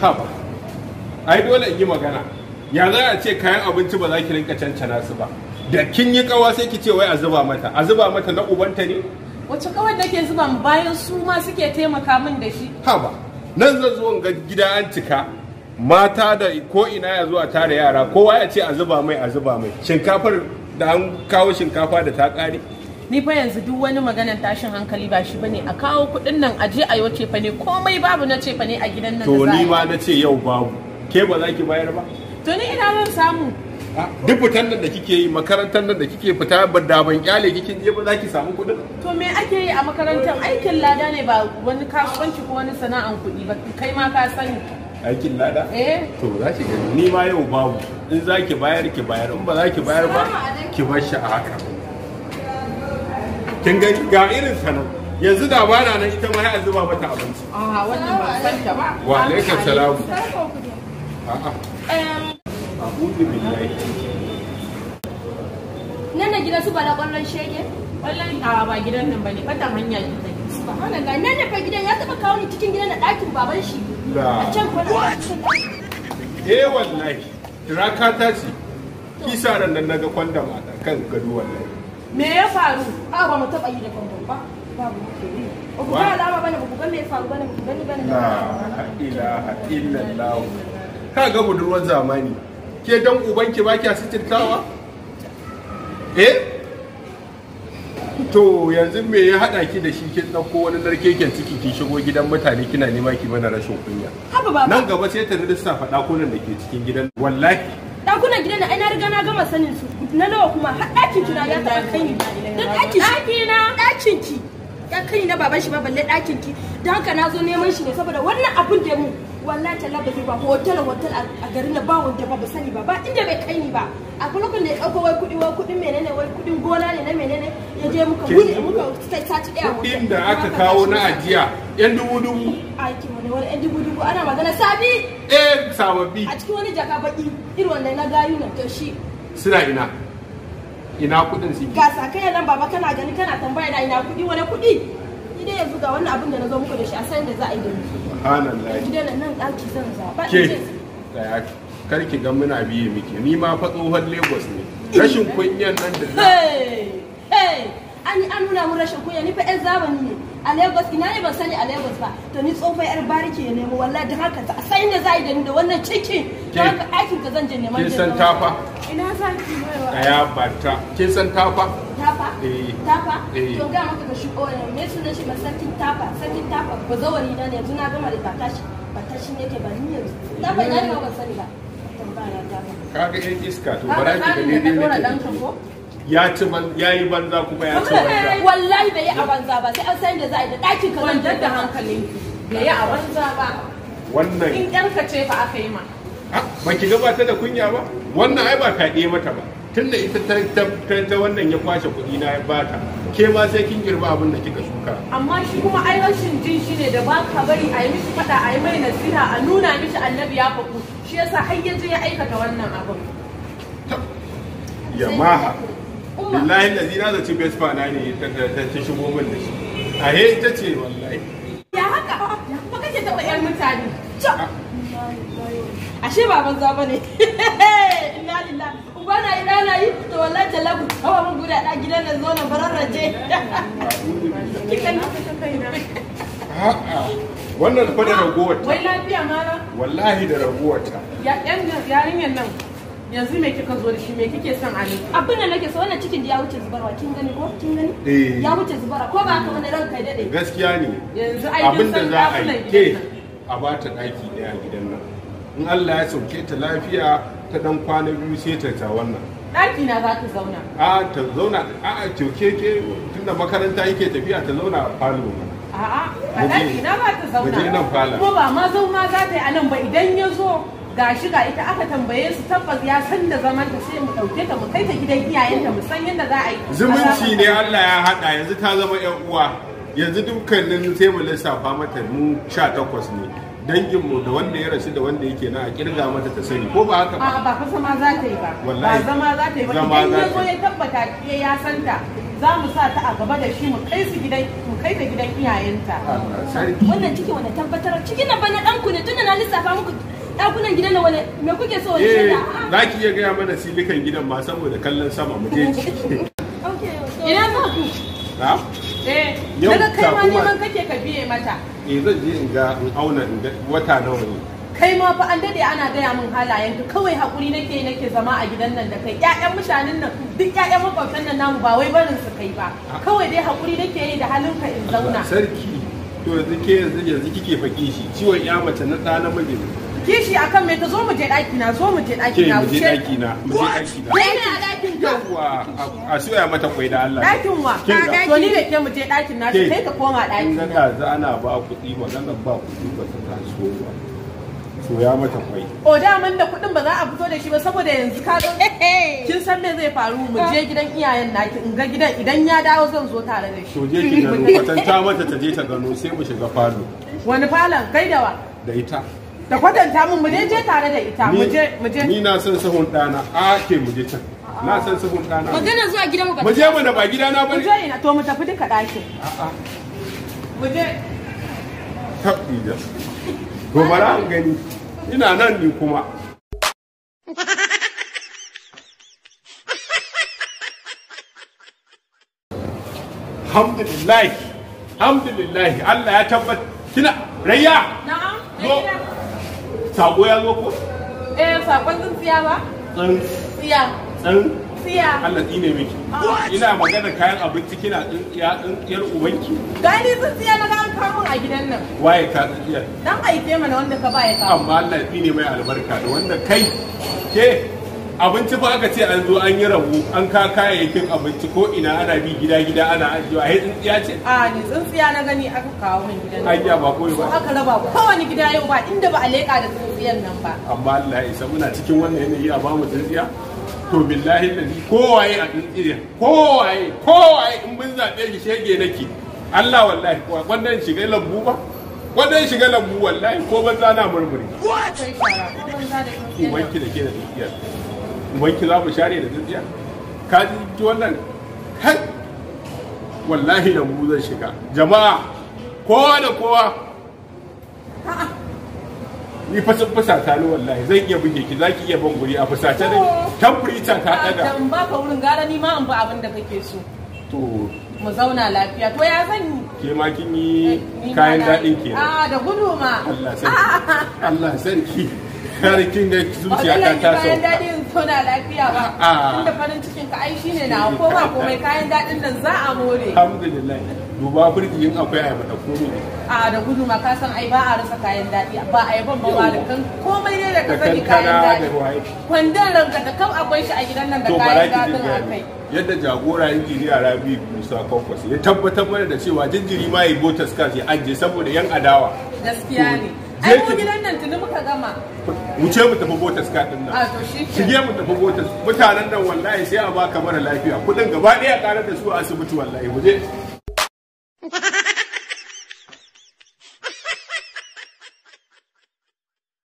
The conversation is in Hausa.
Haba, ai dole in yi magana. Ya za a ce kayan abinci ba za ki rinka cancana su ba. Da kin yi kawa sai ki ce wai a zuba mata. A zuba mata na ubanta ne? Wace kawai da ke zuba bayan su ma suke taimaka min da shi? Haba, nan zan zo ga gida an cika. Mata da ko ina ya zuwa tare yara kowa ya ce a zuba mai a zuba mai. Shinkafar da an kawo shinkafa da ta ƙare. ni fa yanzu duk wani maganan tashin hankali ba shi bane a kawo kuɗin nan a je a yau cefa ne komai babu na cefa ne a gidan nan to ni ma na ce yau babu ke ba za ki bayar ba to ni ina zan samu ah, duk fitan nan da kike yi makarantar nan da kike fita ba da ban kyale kike je ba za ki samu kuɗin to me ake yi a makarantar aikin lada ne ba wani kasuwanci ko wani sana'an kuɗi ba kai ma ka sani aikin lada eh to za ki gani ni ma yau babu in za ki bayar ki bayar in ba za ki bayar ba ki bar shi a haka kin ga ga irin sanan yanzu da ba na nan ita ma ya zuba mata abinci a ah, wannan ba san ta ba wa alaikum salam a'a a'udhu billahi nan na gidan su ba da kwallon shege wallahi a ba gidan nan bane fatan hanya ne take subhanallah nan ne fa gidan ya taba kawo ni cikin gidan da ɗakin baban shi a can kwana eh wallahi raka ta ce kisa ran nan naga kwanda mata kan gado wallahi me ya faru a ba mu taba yi da kankan ba babu ke yi ba ku ga alama bane ba ku ga me ya faru bane ba ku gani bane la ilaha illallah ka ga budurwar zamani ke dan ubanki ba kya sitirtawa eh to yanzu me ya hada ki da shi ki dauko wani narkeken ciki ki shigo gidan mutane kina nema ki mana rashin kunya nan gaba sai ta rissa faɗa kunan da ke cikin gidan wallahi Ɗakunan gidan ai na riga na gama sanin su. Na nawa kuma har ɗakin ki na ya taɓa kai ni. Duk ɗakin ki. Ɗakin ki. ya kai na baban shi ba balle ɗakin ki don haka na zo neman shi ne saboda wannan abun da mu wallahi talla ba ba hotel hotel a garin da ba wanda ba ba sani ba ba inda bai kai ni ba a kulkun da ya ɗauko wai kuɗi wai kuɗin menene wai kuɗin gona ne na menene ya je muka wuri muka sai sati ɗaya kuɗin da aka kawo na ajiya yan dubu dubu aiki wani wani yan dubu dubu ana magana sabi eh sababbi a cikin wani jaka baki irin wanda na gayu na to shi suna ina ina kudin su ga sakai nan baba kana gani kana tambaya da ina kudi wani kudi ni dai yanzu ga wannan abin da na zo muku da shi a san da za a yi da ni subhanallah dai nan daki zan zaba ke da ya kar ki ga muna biye miki ni ma fa tsohon Lagos ne rashin kunyan nan da an nuna mun rashin kunya ni fa yan zamani ne a Lagos ina ne ban sani a Lagos ba to ni tsofa yar bariki ya nemo wallahi da haka a sai inda za a yi da ni da wannan ciki don haka aikin ka zan je neman kin san tafa ina san ki baiwa kaya bata kin san tafa tafa eh. tafa eh. to ga maka ka shi oyan me sunan shi sarkin tafa sarkin tafa bazawari na ne yanzu na gama da ba batashi ne ke ba ni yanzu tafa ina ne ban sani ba kaga yan iska to bara ki da daidai ne ya ci ya yi banza kuma ya ci banza wallahi bai yi a banza ba sai an san da za a yi da ɗakin ka wanda da hankalin bai yi a banza ba wannan in ka ce fa aka yi ma ba ki gabata da kunya ba wannan ai ba kaɗe mata ba tunda ita ta wannan ya kwashe kuɗi na ya bata ke ma sai kin girba abin da kika shuka amma shi kuma ai rashin jin shi ne da ba ka bari a yi mishi faɗa a yi mai nasiha a nuna mishi annabi ya faɗu shi yasa har yaje ya aikata wannan abin ya maha wallahi da zina zace fa na ne ta ta shigo min da shi a ita ce wallahi ya haka ba kake taba yar mutane ashe baban za bane inna lillahi uba na ina na yi to wallahi talabu hawa mun guda da gidan nan zo na wannan fa da ragowata wai lafiya mara wallahi da ragowata ya yan yarinyar nan yanzu me kika zo da shi me kike son a abin da nake so wannan cikin ya wuce zubarwa kin gani ko kin gani eh. ya wuce zubarwa ko ba haka wani ranka dade gaskiya ne yanzu ai abin da za a yi ke a ba ta daki daya gidan nan in Allah ya sauke ta lafiya ta dan kwana biyu sai ta ta wannan daki na za ta zauna a ta zauna a a ke ke tunda makaranta yake tafiya ta zauna a falo a'a a daki na ba ta zauna ko ba ma zauna za ta yi a nan ba idan ya zo ga shi ga ita aka tambaye su tabbas ya san da zaman ta sai mu dauke ta mu kai ta gidan iyayenta mu san yadda za a yi zumunci ne Allah ya hada yanzu ta zama yan uwa yanzu dukkanin sai mu lissafa mata mu 18 ne dangin mu da wanda ya rasu da wanda yake na a kirga mata ta sani ko ba haka ba ba ka zama za ta yi ba ba zama za ta yi ba idan ya zo ya tabbata ya santa za mu sa ta a gaba da shi mu kai su gidan mu kai ta gidan iyayenta wannan ciki wannan tabbatar ciki na bana danku ne tunda na lissafa muku ɗakunan gidan na wani me kuke so wani eh, shaida ah. za ki iya gaya mana silikan gidan ma saboda kallon sama mu je ciki ina za ku na eh daga kai ma neman kake ka biye mata eh zan je in ga in auna in ga wata nawa ne kai ma fa an dade ana gaya min halayen ka kawai hakuri nake nake zama a gidan nan da kai ƴaƴan mutanen nan duk ƴaƴan makwabtan nan namu ba wai barin su kai ba ah. kawai dai hakuri nake yi da halin ka in zauna sarki to yanzu ke yanzu yanzu kike faƙi shi ciwon ya mace na ɗa namiji ne kishi akan me ta zo mu je daki na zo mu je daki na mu je daki na mu je daki na kai a dakin yawa a soya mata kwai da Allah dakin wa to ni da ke mu je dakin na sai ka koma daki na da ana ba kuɗi magana ba kuɗi ba ta so ba soya mata kwai o da mun da kuɗin ba za a fito da shi ba saboda yanzu ka zo kin san me zai faru mu je gidan iyayen naki in ga gidan idan ya dawo zan zo tare da shi to je ki gano kwatanta mata ta je ta gano sai mu shiga falo wani falon kai da wa da ita da kwatanta mun mu je tare da ita mu je mu je ni na san sahun dana a ke mu je can na san sahun dana magana zuwa gidan mu mu je mana ba gidana bane mu je ina to mu tafi duka dakin a'a mu je tabbija gobara an gani ina nan ni kuma alhamdulillah alhamdulillah Allah ya tabbata kina rayya na'am sako ya zo ko eh sun siya ba tsintsiya tsin tsiya. Allah tsine miki. Ina magana kayan abinci kina ɗin yar ubanki. Gani siya na gan kamun a gidan nan. Waye ka tsintsiya? Dan aike mana wanda ka ba ya kawo. Amma Allah tsine mai albarka da wanda kai ke abinci fa aka ce an zo an yi rabu an ka kayayyakin abinci ko ina ana bi gida gida ana ajiyewa a tsintsiya ce a ni tsintsiya na gani aka kawo min gidan nan ayya ba koyi ba aka raba kowane gida yau ba inda ba a leƙa da tsintsiyan nan ba amma Allah ya isa muna cikin wannan yanayi a ba mu tsintsiya to billahi da kowaye a tsintsiya kowaye kowaye in mun zaɓe shi shege nake Allah wallahi wannan shiga lambu ba wannan shiga lambu wallahi ko banza na murmuri ko banza da ke da tsintsiya wanki za mu share da tsintsiya ka ji wannan kai wallahi da mu zan shiga jama'a kowa da kowa ni fa sun fusata ni wallahi zan iya buge ki zaki iya ban guri a fusata ne furita ta kada dan ba ka wurin gara ni ma an ba abin da kake so to mu zauna lafiya to ya zan yi ke ma kin yi kayan daɗin ke a da gudu ma Allah sarki Allah sarki kare kin ga zuciya ta taso bayan dadin tona lafiya ba ah. tunda farin cikin ka ai shine na ko ba komai kayan daɗin nan za a more alhamdulillah duba burki yin akwai ayaba da komai ne a da gudu ma ka san ai ba a rasa kayan daɗi ba ayaban ba kan komai ne da ka sani kayan daɗi. kwandon ranka da kam akwai shi a gidan nan da kayan dadin akai yadda jagora a rabi musa kwankwas ya tabbatar mana da cewa jinjiri ma ya botas kas ya ajiye saboda yan adawa gaskiya ne ai mu gidan nan tuni muka gama wuce mu tafi botas ka din nan ah, shige mu tafi mutanen nan wallahi sai a baka mara lafiya kudin gaba daya karar da su a asibiti wallahi mu je